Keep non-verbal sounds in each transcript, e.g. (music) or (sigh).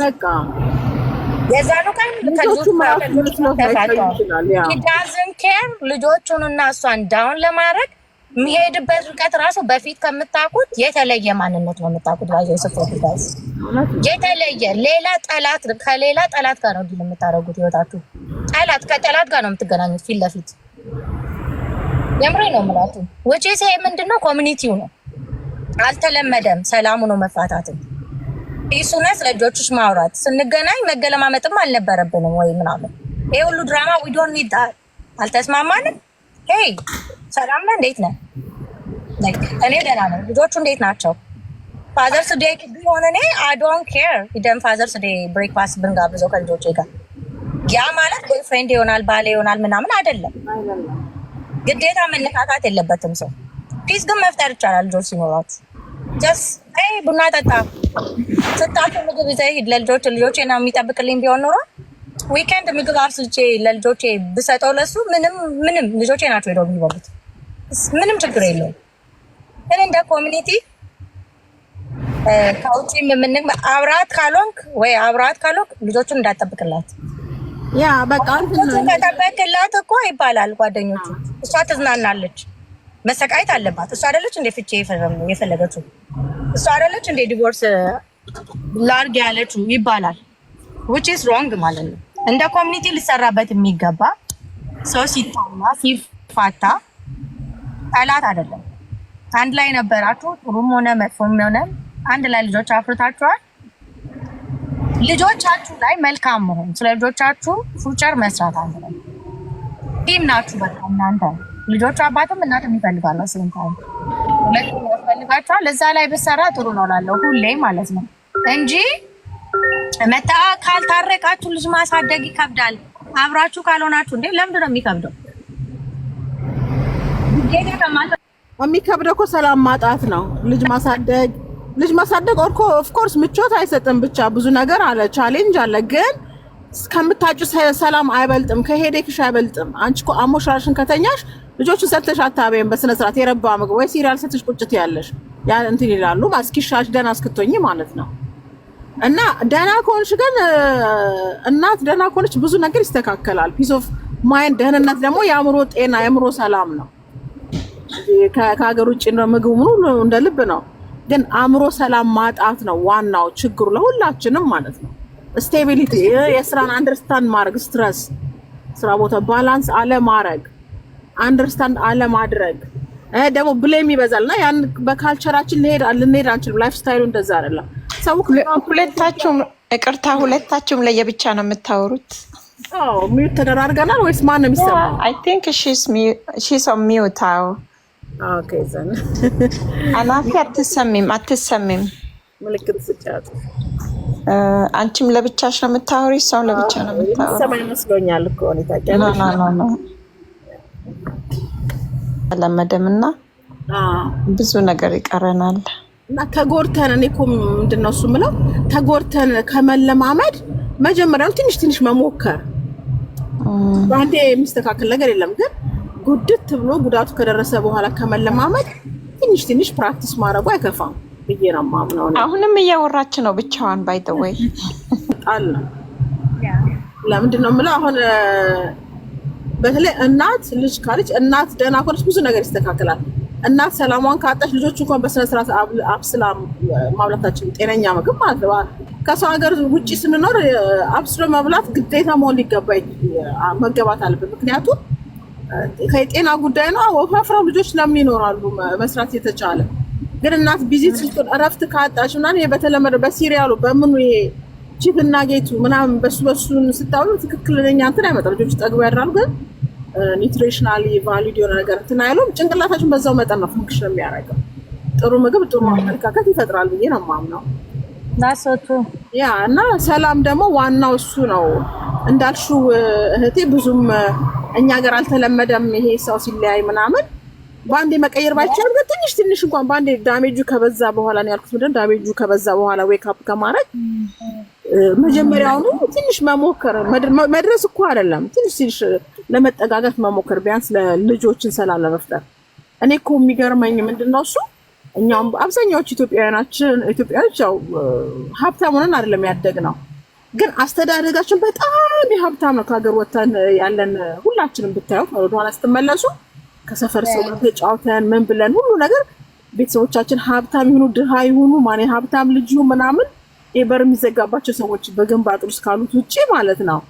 በቃ የዛኑ ቀን ዳዝን ኬር ልጆቹንና እሷን ዳውን ለማድረግ የሚሄድበት ርቀት ራሱ በፊት ከምታውቁት የተለየ ማንነት ነው የምታውቁት። ባየ ስፖርት ጋዝ የተለየ ሌላ ጠላት ከሌላ ጠላት ጋር ነው ዲል የምታደርጉት። ህይወታችሁ ጠላት ከጠላት ጋር ነው የምትገናኙት ፊት ለፊት የምሬ ነው የምላችሁ። ውጪ ይሄ ምንድን ነው ኮሚኒቲው ነው አልተለመደም። ሰላሙ ነው መፋታትም። እሱና ስለ ማውራት ስንገናኝ መገለማመጥም አልነበረብንም ወይ ምናምን። ይሄ ሁሉ ድራማ ዊዶን ኒድ አልተስማማንም። ሄይ ሰላም ነህ? እንዴት ነህ? እኔ ደህና ነኝ። ልጆቹ እንዴት ናቸው? ፋዘርስ ዴይ ቢሆን እኔ አይ ዶንት ኬር ደን ፋዘርስ ዴይ ብሬክፋስት ብንጋብዘው ከልጆች ጋር ያ ማለት ቦይፍሬንድ ይሆናል ባሌ ይሆናል ምናምን አይደለም። ግዴታ መነካካት የለበትም ሰው ፒስ ግን መፍጠር ይቻላል ልጆች ሲኖሯት ጀስ ቡና ጠጣ ስታቱ ምግብ ይዘህ ሂድ። ለልጆች ልጆቼ ነው የሚጠብቅልኝ ቢሆን ኖሮ ዊኬንድ ምግብ አብስልቼ ለልጆቼ ብሰጠው ለሱ ምንም ምንም ልጆቼ ናቸው ሄደው የሚበሉት ምንም ችግር የለውም። እንደ ኮሚኒቲ ከውጭ የምን አብራት ካልሆንክ ወይ አብራት ካልሆንክ ልጆቹን እንዳጠብቅላት ያ በቃ ከጠበቅላት እኮ ይባላል ጓደኞቹ እሷ ትዝናናለች። መሰቃየት አለባት። እሷ አይደለች እንደ ፍቼ የፈለገችው እሷ አይደለች እንደ ዲቮርስ ላርግ ያለችው ይባላል። ዊች ኢዝ ሮንግ ማለት ነው። እንደ ኮሚኒቲ ሊሰራበት የሚገባ ሰው ሲታማ ሲፋታ ጠላት አይደለም። አንድ ላይ ነበራችሁ፣ ጥሩም ሆነ መጥፎም ሆነ አንድ ላይ ልጆች አፍርታችኋል። ልጆቻችሁ ላይ መልካም መሆን ስለ ልጆቻችሁ ፉቸር መስራት አለ። ቲም ናችሁ በቃ እናንተ ልጆቹ አባትም እናትም ይፈልጋሉ። ስንታ ሁለት ያስፈልጋቸዋል። እዛ ላይ ብሰራ ጥሩ ነው ላለው ሁሌ ማለት ነው እንጂ መታ ካልታረቃችሁ ልጅ ማሳደግ ይከብዳል። አብራችሁ ካልሆናችሁ እንዴ ለምንድን ነው የሚከብደው? የሚከብደው እኮ ሰላም ማጣት ነው። ልጅ ማሳደግ ልጅ ማሳደግ ኦርኮ ኦፍኮርስ ምቾት አይሰጥም። ብቻ ብዙ ነገር አለ፣ ቻሌንጅ አለ። ግን ከምታጩ ሰላም አይበልጥም፣ ከሄዴክሽ አይበልጥም። አንቺ እኮ አሞሽራሽን ከተኛሽ ልጆቹ ሰተሽ አታበይም በስነ ስርዓት የረባ ምግብ ወይ ሲሪያል ሰተሽ ቁጭት ያለሽ ያ እንትን ይላሉ። እስኪሻሽ ደህና እስክትሆኝ ማለት ነው። እና ደህና ከሆንሽ ግን እናት ደህና ከሆነች ብዙ ነገር ይስተካከላል። ፒስ ኦፍ ማይንድ ደህንነት ደግሞ የአእምሮ ጤና የአእምሮ ሰላም ነው። ከሀገር ውጭ ምግቡ ምኑ እንደ ልብ ነው፣ ግን አእምሮ ሰላም ማጣት ነው ዋናው ችግሩ ለሁላችንም ማለት ነው። ስቴቢሊቲ፣ የስራን አንደርስታንድ ማድረግ፣ ስትረስ፣ ስራ ቦታ ባላንስ አለ ማድረግ አንደርስታንድ አለማድረግ ደግሞ ብሌም ይበዛል እና ያን በካልቸራችን ልንሄድ አንችልም። ላይፍ ስታይሉ እንደዛ አይደለም። ሰው ሁለታችሁም ይቅርታ፣ ሁለታችሁም ለየብቻ ነው የምታወሩት? ሚዩት ተደራርገናል ወይስ ማን ነው የሚሰማው? አይ ቲንክ ሺስ ኦን ሚዩት። አዎ (laughs) አናፊ አትሰሚም፣ አትሰሚም። ምልክት ስጫት። አንቺም ለብቻሽ ነው የምታወሪ፣ ሰው ለብቻ ነው የምታወሪ። ሰማ ይመስሎኛል እኮ ሁኔታ አልተለመደም እና ብዙ ነገር ይቀረናል እና ተጎርተን እኔ እኮ ምንድን ነው እሱ የምለው ተጎርተን ከመለማመድ መጀመሪያውን ትንሽ ትንሽ መሞከር። በአንዴ የሚስተካከል ነገር የለም፣ ግን ጉድት ብሎ ጉዳቱ ከደረሰ በኋላ ከመለማመድ ትንሽ ትንሽ ፕራክቲስ ማድረጉ አይከፋም ብዬ ነው የማምነው። አሁንም እያወራች ነው ብቻዋን ባይተወይ ጣል ነው ለምንድን ነው የምለው አሁን በተለይ እናት ልጅ ካለች እናት ደህና ከሆነች ብዙ ነገር ይስተካከላል። እናት ሰላሟን ካጣች ልጆች እንኳን በስነስርዓት አብስላ ማብላታችን ጤነኛ ምግብ ማለት ነው። ከሰው ሀገር ውጭ ስንኖር አብስሎ መብላት ግዴታ መሆን ሊገባ መገባት አለብን። ምክንያቱም ከጤና ጉዳይ ነው። ወፋፍራው ልጆች ለምን ይኖራሉ? መስራት የተቻለ ግን እናት ቢዚ ስልጡን እረፍት ካጣች ምናምን በተለመደ በሲሪያሉ በምኑ ይሄ ቺፕ እና ጌቱ ምናምን በሱ በሱን ስታውሉ ትክክለኛ እንትን አይመጣም። ልጆች ጠግበው ያድራሉ ግን ኒትሪሽናሊ ቫሊድ የሆነ ነገር እንትን አይሉም። ጭንቅላታችን በዛው መጠን ነው ፍንክሽን የሚያደርገው። ጥሩ ምግብ ጥሩ አመለካከት ይፈጥራል ብዬ ነው የማምነው። ናሶቱ ያ እና ሰላም ደግሞ ዋናው እሱ ነው እንዳልሽው እህቴ። ብዙም እኛ ሀገር አልተለመደም ይሄ ሰው ሲለያይ ምናምን በአንዴ መቀየር ባይቻል ግን ትንሽ ትንሽ እንኳን በአንዴ ዳሜጁ ከበዛ በኋላ ነው ያልኩት። ምንድን ዳሜጁ ከበዛ በኋላ ዌክ አፕ ከማድረግ mm-hmm. መጀመሪያውኑ ትንሽ መሞከር መድረስ እኮ አይደለም ትንሽ ትንሽ ለመጠጋጋት መሞከር ቢያንስ ለልጆችን ሰላም ለመፍጠር። እኔ እኮ የሚገርመኝ ምንድን ነው እሱ እኛም አብዛኛዎቹ ኢትዮጵያውያናችን ኢትዮጵያዎች ያው ሀብታም ሆነን አይደለም ያደግ ነው፣ ግን አስተዳደጋችን በጣም የሀብታም ነው። ከሀገር ወተን ያለን ሁላችንም ብታዩት ወደኋላ ስትመለሱ ከሰፈር ሰው ተጫውተን ምን ብለን ሁሉ ነገር ቤተሰቦቻችን ሀብታም ይሁኑ ድሃ ይሁኑ ማን ሀብታም ልጅ ምናምን የበር የሚዘጋባቸው ሰዎች በግንባጥ ውስጥ ካሉት ውጭ ማለት ነው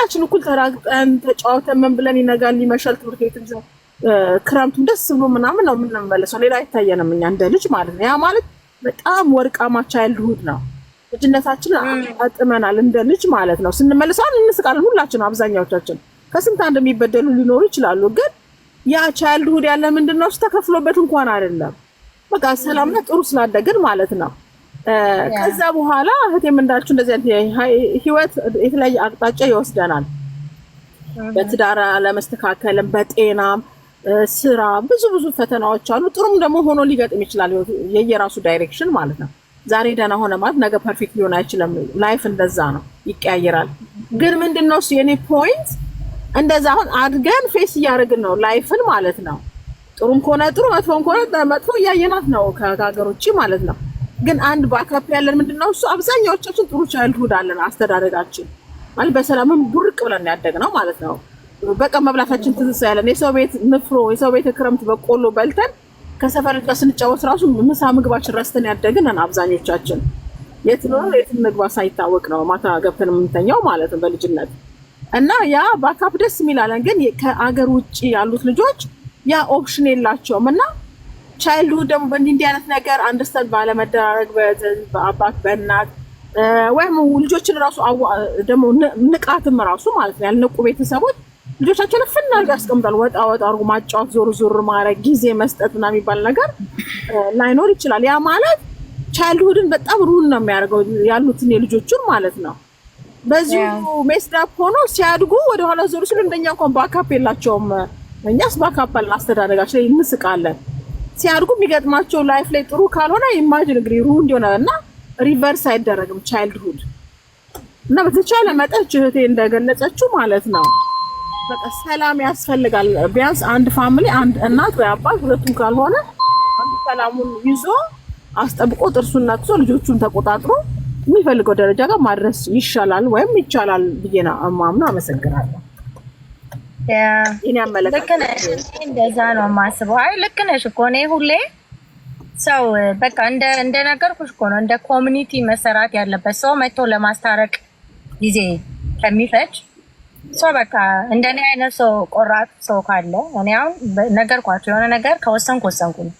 ሁላችን እኩል ተራግጠን ተጫውተን ምን ብለን ይነጋል ይመሻል ትምህርት ቤት ክረምቱን ደስ ብሎ ምናምን ነው የምንመለሰው። ሌላ አይታየንም እኛ እንደ ልጅ ማለት ነው። ያ ማለት በጣም ወርቃማ ቻይልድሁድ ነው። ልጅነታችንን አጥመናል እንደ ልጅ ማለት ነው። ስንመለሰው እንስቃለን ሁላችን፣ አብዛኛዎቻችን ከስንት አንድ የሚበደሉ ሊኖሩ ይችላሉ። ግን ያ ቻይልድሁድ ያለ ምንድን ነው ተከፍሎበት እንኳን አይደለም። በቃ ሰላምና ጥሩ ስላደግን ማለት ነው። ከዛ በኋላ እህቴም እንዳልችው እንደዚህ አይነት ህይወት የተለያየ አቅጣጫ ይወስደናል። በትዳር አለመስተካከልም፣ በጤናም፣ ስራ ብዙ ብዙ ፈተናዎች አሉ። ጥሩም ደግሞ ሆኖ ሊገጥም ይችላል። የየራሱ ዳይሬክሽን ማለት ነው። ዛሬ ደህና ሆነ ማለት ነገ ፐርፌክት ሊሆን አይችልም። ላይፍ እንደዛ ነው፣ ይቀያየራል። ግን ምንድን ነው እሱ የኔ ፖይንት እንደዛ አሁን አድገን ፌስ እያደረግን ነው ላይፍን ማለት ነው። ጥሩም ከሆነ ጥሩ፣ መጥፎም ከሆነ መጥፎ እያየናት ነው ከሀገር ውጭ ማለት ነው። ግን አንድ በአቅራቢ ያለን ምንድነው እሱ አብዛኛዎቻችን ጥሩ ቻይልድሁድ አለን። አስተዳደጋችን ማለት በሰላምም ቡርቅ ብለን ያደግ ነው ማለት ነው። በቃ መብላታችን ትዝስ ያለን የሰው ቤት ንፍሮ፣ የሰው ቤት ክረምት በቆሎ በልተን ከሰፈር ጋር ስንጫወት ራሱ ምሳ ምግባችን ረስተን ያደግንን አብዛኞቻችን የት ነው የት ምግባ ሳይታወቅ ነው ማታ ገብተን የምንተኛው ማለት ነው በልጅነት እና ያ ባካፕ ደስ የሚላለን። ግን ከአገር ውጭ ያሉት ልጆች ያ ኦፕሽን የላቸውም እና ቻይልድሁድ ደግሞ በእንዲህ እንዲህ አይነት ነገር አንደርስታንድ ባለመደራረግ በአባት በእናት ወይም ልጆችን ራሱ ደግሞ ንቃትም ራሱ ማለት ነው ያልነቁ ቤተሰቦች ልጆቻቸውን ፍን አድርገው ያስቀምጣል። ወጣ ወጣ አድርጎ ማጫወት፣ ዞር ዞር ማድረግ፣ ጊዜ መስጠት ምናምን የሚባል ነገር ላይኖር ይችላል። ያ ማለት ቻይልድሁድን በጣም ሩን ነው የሚያደርገው ያሉትን የልጆቹን ማለት ነው። በዚሁ ሜስዳፕ ሆኖ ሲያድጉ ወደኋላ ዞር ሲሉ እንደኛ እንኳን ባካፕ የላቸውም። እኛስ ባካፕ አለን፣ አስተዳደጋችን ላይ እንስቃለን። ሲያድጉ የሚገጥማቸው ላይፍ ላይ ጥሩ ካልሆነ ኢማጅን እንግዲህ ሩንድ ይሆናል እና ሪቨርስ አይደረግም ቻይልድሁድ እና በተቻለ መጠን እህቴ እንደገለጸችው ማለት ነው በቃ ሰላም ያስፈልጋል። ቢያንስ አንድ ፋሚሊ አንድ እናት ወይ አባት ሁለቱም ካልሆነ አንድ ሰላሙን ይዞ አስጠብቆ ጥርሱን ነክሶ ልጆቹን ተቆጣጥሮ የሚፈልገው ደረጃ ጋር ማድረስ ይሻላል ወይም ይቻላል ብዬ ነው የማምነው። አመሰግናለሁ። ልክ ነሽ። እንደዛ ነው የማስበው። አይ ልክ ነሽ እኮ እኔ ሁሌ ሰው በቃ እንደነገርኩሽ እኮ ነው እንደ ኮሚኒቲ መሰራት ያለበት ሰው መጥቶ ለማስታረቅ ጊዜ ከሚፈጅ ሰው በቃ እንደኔ አይነት ሰው ቆራጥ ሰው ካለ እኔ አሁን ነገርኳቸው የሆነ ነገር ከወሰንኩ ወሰንኩ ነው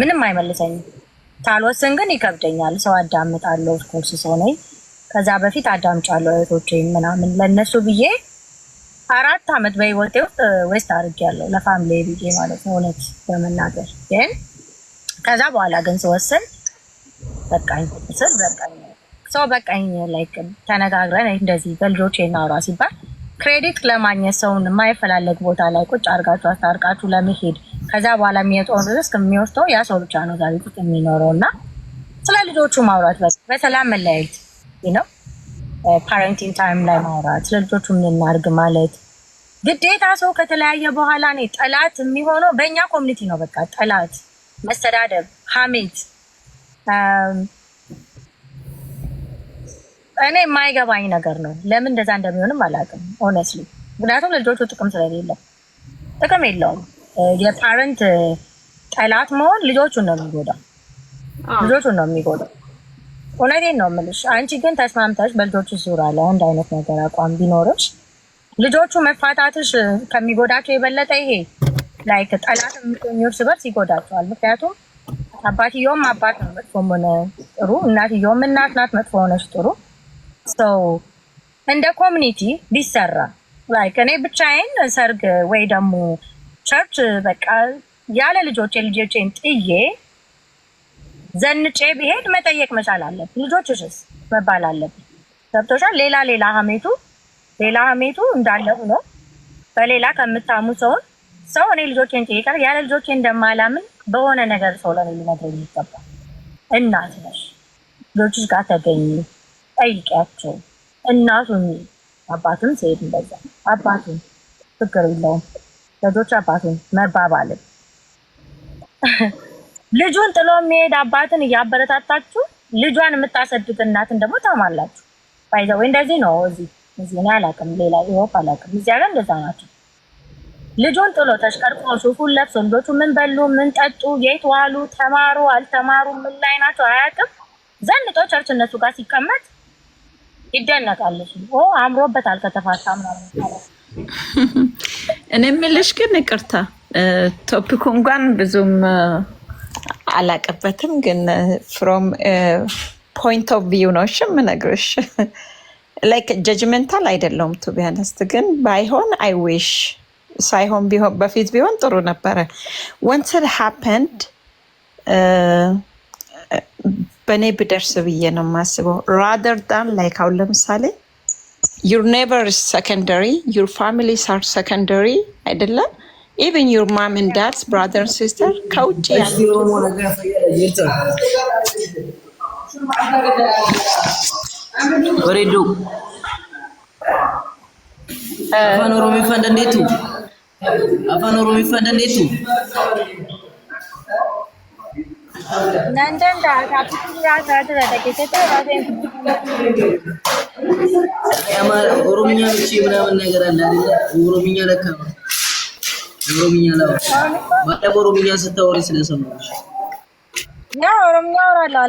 ምንም አይመልሰኝም። ካልወሰን ግን ይከብደኛል። ሰው አዳምጣለሁ፣ ኮርስ ሰው ነኝ። ከዛ በፊት አዳምጫለሁ እህቶቼ ምናምን ለእነሱ ብዬ አራት አመት በህይወቴ ውስጥ ዌስት አድርጌያለሁ ለፋሚሊ ብዬ ማለት ነው እውነት በመናገር ግን ከዛ በኋላ ግን ስወስን በቃኝ ስል በቃኝ ሰው በቃኝ ላይክ ተነጋግረን እንደዚህ በልጆቼ እናውራ ሲባል ክሬዲት ለማግኘት ሰውን የማይፈላለግ ቦታ ላይ ቁጭ አርጋችሁ አስታርቃችሁ ለመሄድ ከዛ በኋላ የሚወጣውን ሪስክ የሚወስደው ያ ሰው ብቻ ነው ዛሬ ቤት ውስጥ የሚኖረው እና ስለ ልጆቹ ማውራት በሰላም መለያየት ነው ፓረንቲንግ ታይም ላይ ማውራት፣ ለልጆቹ ምን ማለት ግዴታ። ሰው ከተለያየ በኋላ እኔ ጠላት የሚሆነው በእኛ ኮሚኒቲ ነው። በቃ ጠላት፣ መሰዳደብ፣ ሀሜት። እኔ የማይገባኝ ነገር ነው። ለምን እንደዛ እንደሚሆንም አላውቅም ሆነስሊ። ምክንያቱም ለልጆቹ ጥቅም ስለሌለ ጥቅም የለውም። የፓረንት ጠላት መሆን ልጆቹን ነው የሚጎዳው፣ ልጆቹን ነው የሚጎዳው። እውነቴን ነው የምልሽ። አንቺ ግን ተስማምተሽ በልጆች ዙሪያ ላይ አንድ አይነት ነገር አቋም ቢኖርሽ ልጆቹ መፋታትሽ ከሚጎዳቸው የበለጠ ይሄ ላይክ ጠላት የሚገኙት ስበርስ ይጎዳቸዋል። ምክንያቱም አባትየውም አባት ነው መጥፎም ሆነ ጥሩ፣ እናትየውም እናት ናት መጥፎ ሆነች ጥሩ። ሰው እንደ ኮሚኒቲ ቢሰራ ላይክ እኔ ብቻዬን ሰርግ ወይ ደግሞ ቸርች በቃ ያለ ልጆች የልጆቼን ጥዬ ዘንጬ ብሄድ መጠየቅ መቻል አለብህ። ልጆችሽስ መባል አለብ። ገብቶሻል? ሌላ ሌላ ሀሜቱ ሌላ ሀሜቱ እንዳለ ሆኖ በሌላ ከምታሙ ሰውን ሰው እኔ ልጆቼን ጠይቀር ያለ ልጆቼ እንደማላምን በሆነ ነገር ሰው ለኔ ሊነግረኝ ይገባል። እናት ነሽ። ልጆችሽ ጋር ተገኝ፣ ጠይቂያቸው። እናቱን አባቱን ሲሄድ እንደዛ አባቱን ችግር የለውም ልጆች አባቱን መባባልን ልጁን ጥሎ የሚሄድ አባትን እያበረታታችሁ ልጇን የምታሰዱት እናትን ደግሞ ታማላችሁ። ባይዘ ወይ እንደዚህ ነው። እዚህ እዚህ እኔ አላውቅም፣ ሌላ ኢሮፕ አላውቅም። እዚያ ጋር እንደዛ ናቸው። ልጁን ጥሎ ተሽቀርቆ ሱፉን ለብሶ ልጆቹ ምን በሉ፣ ምን ጠጡ፣ የት ዋሉ፣ ተማሩ አልተማሩ፣ ምን ላይ ናቸው አያውቅም። ዘንጦ ቸርች እነሱ ጋር ሲቀመጥ ይደነቃል። ኦ አምሮበታል ከተፋታ ምናምን። እኔ የምልሽ ግን ይቅርታ ቶፒኩ እንኳን ብዙም አላቅበትም፣ ግን ፍሮም ፖይንት ኦፍ ቪው ነው እሺ የምነግርሽ። ላይክ ጀጅመንታል አይደለውም ቱ ቢያነስት፣ ግን ባይሆን አይ ዊሽ ሳይሆን ቢሆን በፊት ቢሆን ጥሩ ነበረ። ወንስ ኢት ሃፐንድ በእኔ ብደርስ ብዬ ነው የማስበው። ራደር ዳን ላይክ አሁን ለምሳሌ ዩር ኔበር ሰከንደሪ ዩር ፋሚሊስ አር ሰከንደሪ አይደለም ኢቨን ዩር ማም ኤንድ ዳድ ብራዘር ሲስተር ከውጭ ወሬዱ አፋን ኦሮሞ ፈንድ እንዴቱ አፋን ኦሮሞ ፈንድ እንዴቱ ኦሮምኛ ምናምን ነገር አለ ኦሮምኛ ለካ ነው ኦሮምኛ ላይ ኦሮምኛ ስታወሪ ስለሰማሁሽ ያ ኦሮምኛ አወራለሁ